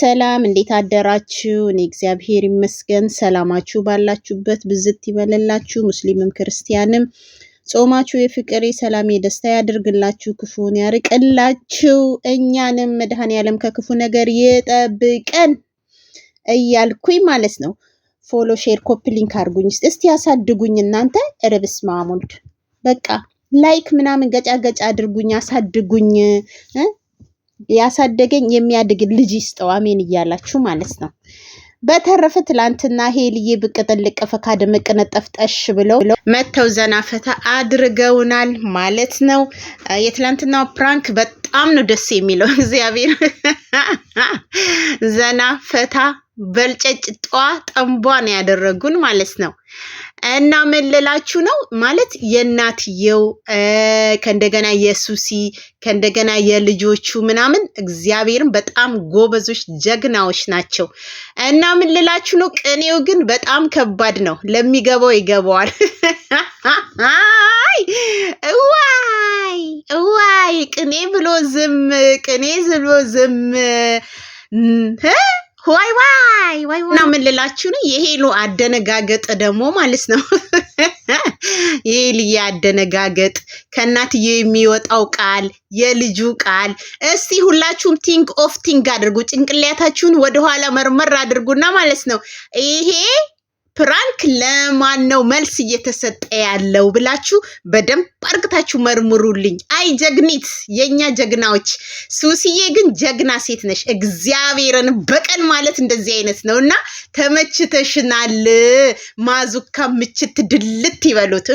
ሰላም እንዴት አደራችሁ? እኔ እግዚአብሔር ይመስገን። ሰላማችሁ ባላችሁበት ብዝት ይበልላችሁ። ሙስሊምም ክርስቲያንም ጾማችሁ የፍቅር ሰላም፣ የደስታ ያድርግላችሁ፣ ክፉን ያርቅላችሁ፣ እኛንም መድኃኔዓለም ከክፉ ነገር ይጠብቀን እያልኩኝ ማለት ነው። ፎሎ፣ ሼር፣ ኮፒ ሊንክ አድርጉኝ እስቲ ያሳድጉኝ እናንተ ረብስ ማሙልድ በቃ ላይክ ምናምን ገጫ ገጫ አድርጉኝ፣ አሳድጉኝ ያሳደገኝ የሚያድግ ልጅ ይስጠው። አሜን እያላችሁ ማለት ነው። በተረፈ ትላንትና ሄልዬ ብቅ ጥልቅ ፈካ ድምቅ ነጠፍ ጠሽ ብለው መተው ዘና ፈታ አድርገውናል ማለት ነው። የትላንትናው ፕራንክ በጣም ነው ደስ የሚለው። እግዚአብሔር ዘና ፈታ በልጨጭ ጧ ጠንቧ ነው ያደረጉን ማለት ነው። እና ምን ልላችሁ ነው ማለት የእናትየው ከእንደገና የሱሲ ከእንደገና የልጆቹ ምናምን እግዚአብሔርን በጣም ጎበዞች ጀግናዎች ናቸው። እና ምን ልላችሁ ነው ቅኔው ግን በጣም ከባድ ነው። ለሚገባው ይገባዋል። እዋይ እዋይ ቅኔ ብሎ ዝም ቅኔ ብሎ ዝም ዋይ ዋይ ዋይ እና ምን ልላችሁ ነው? የሄሉ አደነጋገጥ ደግሞ ማለት ነው። የሄልዬ አደነጋገጥ ከእናትዬ የሚወጣው ቃል፣ የልጁ ቃል። እስቲ ሁላችሁም ቲንክ ኦፍ ቲንክ አድርጉ። ጭንቅላታችሁን ወደኋላ መርመር አድርጉና ማለት ነው ይሄ ፕራንክ ለማን ነው መልስ እየተሰጠ ያለው ብላችሁ በደንብ አርግታችሁ መርምሩልኝ። አይ ጀግኒት፣ የእኛ ጀግናዎች። ሱስዬ ግን ጀግና ሴት ነሽ። እግዚአብሔርን በቀን ማለት እንደዚህ አይነት ነው እና ተመችተሽናል። ማዙካ ምችት ድልት ይበሉት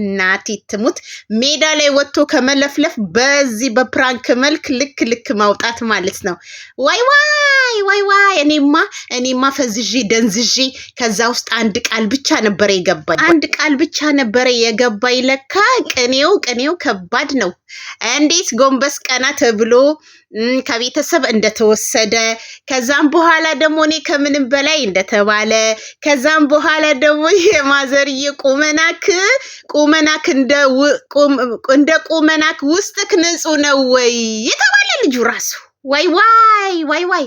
እናቴ ትሙት። ሜዳ ላይ ወጥቶ ከመለፍለፍ በዚህ በፕራንክ መልክ ልክ ልክ ማውጣት ማለት ነው። ዋይ ዋይ ዋይ ዋይ ዋይ እኔማ እኔማ ፈዝዤ ደንዝዤ ከዛ ውስጥ አንድ ቃል ብቻ ነበረ የገባኝ አንድ ቃል ብቻ ነበረ የገባኝ። ለካ ቅኔው ቅኔው ከባድ ነው። እንዴት ጎንበስ ቀና ተብሎ ከቤተሰብ እንደተወሰደ ከዛም በኋላ ደግሞ እኔ ከምንም በላይ እንደተባለ ከዛም በኋላ ደግሞ የማዘርዬ ቁመናክ ቁመናክ እንደ ቁመናክ ውስጥክ ንጹህ ነው ወይ የተባለ ልጁ ራሱ ወይ ዋይ ወይ ዋይ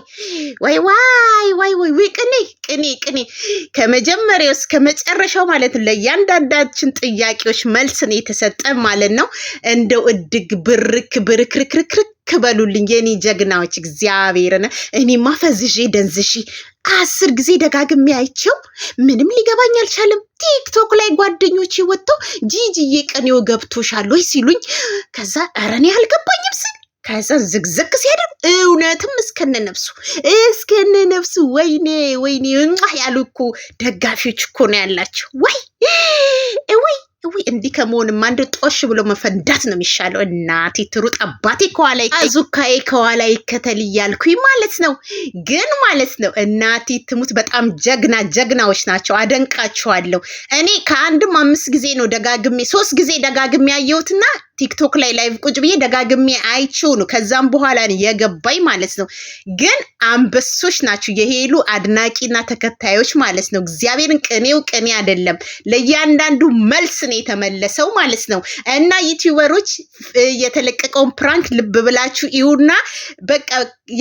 ወይ ዋይ ወይ ወይ ወይ ቅኔ ቅኔ ቅኔ ከመጀመሪያው እስከ መጨረሻው ማለት ነው። ለእያንዳንዳችን ጥያቄዎች መልስ ነው የተሰጠ ማለት ነው። እንደው እድግ ብርክ ብርክርክርክርክ በሉልኝ የኔ ጀግናዎች እግዚአብሔርን። እኔ ማፈዝዤ ደንዝሺ አስር ጊዜ ደጋግሜ አይቼው ምንም ሊገባኝ አልቻለም። ቲክቶክ ላይ ጓደኞቼ ወጥተው ጂጂዬ ቅኔው ገብቶሻል ወይ ሲሉኝ ከዛ ኧረ እኔ አልገባኝም ከዛን ዝግዝግ ሲያደርግ እውነትም እስከነ እስከነ እስከነነፍሱ ወይኔ ወይኔ እንኳን ያሉ እኮ ደጋፊዎች እኮ ነው ያላቸው። ወይ እውይ እውይ፣ እንዲህ ከመሆንማ አንድ ጦሽ ብሎ መፈንዳት ነው የሚሻለው። እናቴ ትሩጥ አባቴ ከኋላ አዙካዬ ከኋላ ይከተል እያልኩኝ ማለት ነው። ግን ማለት ነው እናቴ ትሙት፣ በጣም ጀግና ጀግናዎች ናቸው። አደንቃችኋለሁ። እኔ ከአንድም አምስት ጊዜ ነው ደጋግሜ ሶስት ጊዜ ደጋግሜ ያየሁትና ቲክቶክ ላይ ላይቭ ቁጭ ብዬ ደጋግሜ አይቼው ነው። ከዛም በኋላ የገባኝ ማለት ነው። ግን አንበሶች ናቸው የሄሉ አድናቂና ተከታዮች ማለት ነው። እግዚአብሔርን ቅኔው ቅኔ አይደለም፣ ለእያንዳንዱ መልስ ነው የተመለሰው ማለት ነው። እና ዩቲዩበሮች የተለቀቀውን ፕራንክ ልብ ብላችሁ ይሁና። በቃ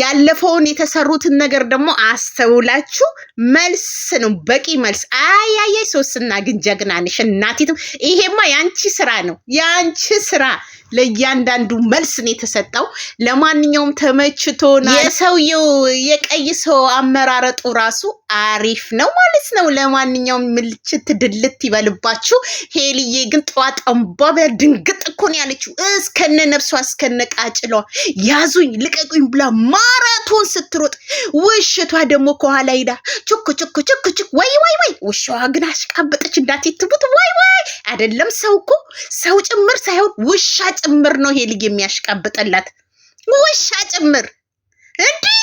ያለፈውን የተሰሩትን ነገር ደግሞ አስተውላችሁ መልስ ነው፣ በቂ መልስ። አያያይ ሶስና ግን ጀግና ነሽ እናቴ። ይሄማ የአንቺ ስራ ነው የአንቺ ስራ ስራ ለእያንዳንዱ መልስ ነው የተሰጠው። ለማንኛውም ተመችቶናል። የሰውየው የቀይ ሰው አመራረጡ ራሱ አሪፍ ነው ማለት ነው። ለማንኛውም ምልችት ድልት ይበልባችሁ። ሄልዬ ግን ጠዋት አንባቢያ ድንግጥ እኮ ነው ያለችው። እስከነ ነፍሷ እስከነ ቃጭሏ ያዙኝ ልቀቁኝ ብላ ማራቶን ስትሮጥ፣ ውሽቷ ደግሞ ከኋላ ሄዳ ችኩ ችኩ ችኩ ችኩ ወይ ወይ ወይ። ውሻዋ ግን አሽቃበጠች። እንዳትትቡት ወይ ወይ አይደለም ሰው እኮ ሰው ጭምር ሳይሆን ውሻ ጭምር ነው ይሄ ልጅ የሚያሽቃብጥላት ውሻ ጭምር እንዲህ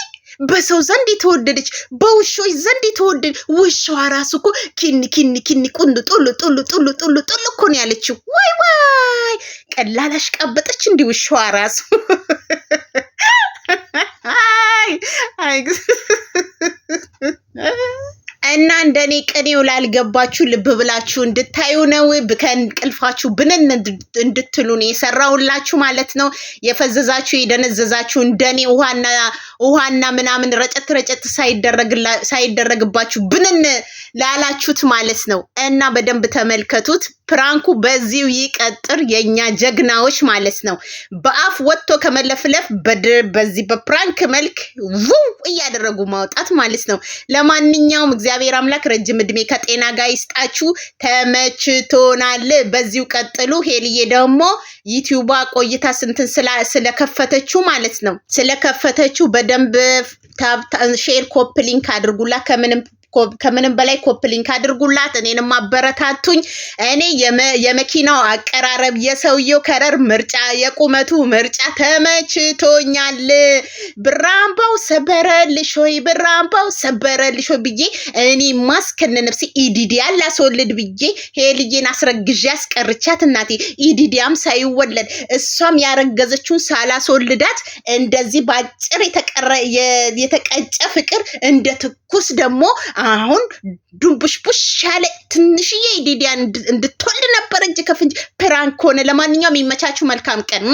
በሰው ዘንድ የተወደደች በውሾች ዘንድ የተወደደ ውሻዋ ራሱ እኮ ኪኒ ኪኒ ኪኒ ቁንዱ ጡሉ ጡሉ ጡሉ ጡሉ ጡሉ እኮ ነው ያለችው። ዋይ ዋይ ቀላል አሽቃበጠች። እንዲህ ውሻዋ ራሱ አይ እንደኔ ቅኔው ላልገባችሁ ልብ ብላችሁ እንድታዩ ነው። ከእንቅልፋችሁ ብንን እንድትሉ ነው ማለት ነው። የፈዘዛችሁ የደነዘዛችሁ እንደኔ ውሃና ምናምን ረጨት ረጨት ሳይደረግባችሁ ብንን ላላችሁት ማለት ነው እና በደንብ ተመልከቱት። ፕራንኩ በዚሁ ይቀጥር፣ የእኛ ጀግናዎች ማለት ነው። በአፍ ወጥቶ ከመለፍለፍ በዚህ በፕራንክ መልክ ውው እያደረጉ ማውጣት ማለት ነው። ለማንኛውም እግዚአብሔር አምላክ አምላክ ረጅም እድሜ ከጤና ጋር ይስጣችሁ። ተመችቶናል። በዚሁ ቀጥሉ። ሄልዬ ደግሞ ዩቲዩባ ቆይታ ስንትን ስለከፈተችው ማለት ነው ስለከፈተችው በደንብ ሼር ኮፕሊንክ አድርጉላ ከምንም ከምንም በላይ ኮፕሊንክ አድርጉላት፣ እኔንም አበረታቱኝ። እኔ የመኪናው አቀራረብ፣ የሰውየው ከረር ምርጫ፣ የቁመቱ ምርጫ ተመችቶኛል። ብራምባው ሰበረልሽ ሆይ ብራምባው ሰበረልሽ ሆይ ብዬ እኔ እስከነ ነፍሴ ኢዲዲያ ላስወልድ ብዬ ሄልዬን አስረግዤ አስቀርቻት እናቴ ኢዲዲያም ሳይወለድ እሷም ያረገዘችውን ሳላስወልዳት እንደዚህ በአጭር የተቀጨ ፍቅር እንደ ትኩስ ደግሞ አሁን ዱንቡሽቡሽ ያለ ትንሽዬ ዲዲያ እንድትወልድ ነበር እንጂ ከፍንጅ ፕራንክ ሆነ። ለማንኛውም የሚመቻችሁ መልካም ቀን።